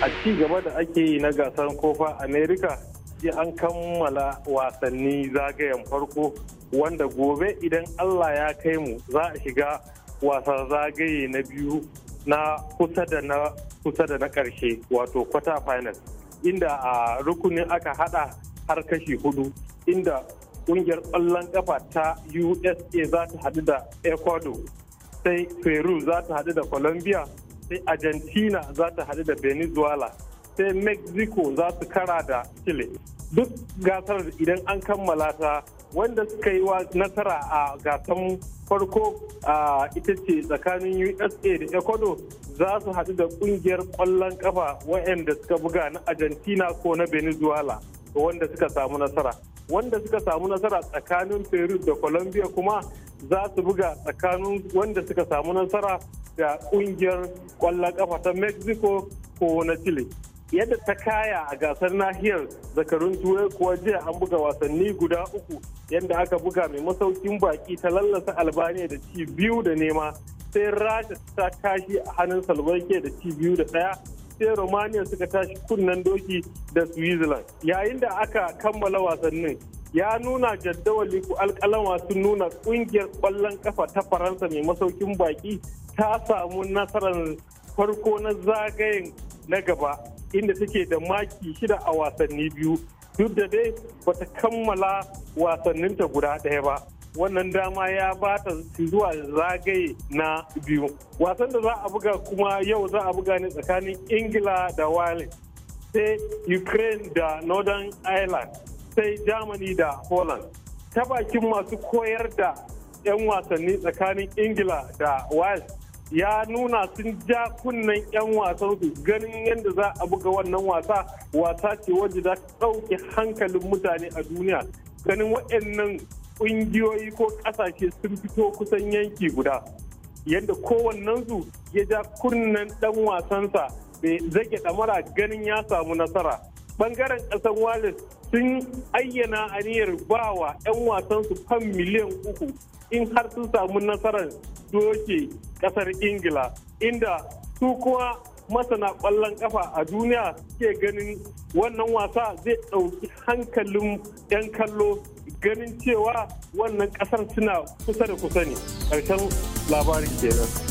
a ci gaba da ake yi na gasar kofa america ya an kammala wasanni zagayen farko wanda gobe idan allah ya kai mu za a shiga wasan zagaye na biyu na kusa da na kusa da na karshe wato kwata final inda a rukunin aka hada har kashi hudu inda kungiyar kwallon kafa ta usa za ta hadu da ecuador sai peru za ta hadu da colombia sai argentina za ta haɗu da venezuela sai mexico za su kara da chile duk gasar idan an kammala ta wanda suka yi wa nasara a gasar farko a ita ce tsakanin usa da ecuador za su haɗu da ƙungiyar ƙwallon ƙafa waɗanda suka buga na argentina ko na venezuela wanda suka samu nasara wanda suka samu nasara tsakanin peru da colombia kuma za su buga tsakanin wanda suka samu nasara da kungiyar kwallon kafa ta mexico ko na chile yadda ta kaya a gasar nahiyar zakarun turai kuwa jiya an buga wasanni guda uku yadda aka buga mai masaukin baki ta lallasa albaniya da ci biyu da nema sai rasha ta tashi a hannun salvarke da ci biyu da daya sai romania suka tashi kunnen doki da switzerland yayin da aka kammala wasannin ya nuna jaddawali alkalama sun nuna kungiyar kwallon kafa ta faransa mai masaukin baki ta samu nasarar farko na zagayen na gaba inda take da maki shida a wasanni biyu duk da dai bata kammala wasanninta guda ɗaya ba wannan dama ya ba ta zuwa zagaye na biyu wasan da za a buga kuma yau za a buga ne tsakanin ingila da wales sai ukraine da northern ireland sai germany da holland ta bakin masu koyar da 'yan wasanni tsakanin ingila da wales ya nuna sun ja kunnen 'yan wasan su ganin yadda za a buga wannan wasa wasa ce wadda za ta ɗauke hankalin mutane a duniya ganin waɗannan ƙungiyoyi ko ƙasashe sun fito kusan yanki guda yadda kowannensu ya ja kunnen ɗan wasansa mai zage ɗamara ganin ya samu nasara bangaren ƙasar wales sun ayyana aniyar bawa 'yan wasansu fan miliyan uku in har sun samu nasarar doke ƙasar ingila inda su kuma masana ƙwallon ƙafa a duniya ke ganin wannan wasa zai ɗauki hankalin 'yan kallo ganin cewa wannan ƙasar suna kusa da kusa ne ƙarshen labarin kenan.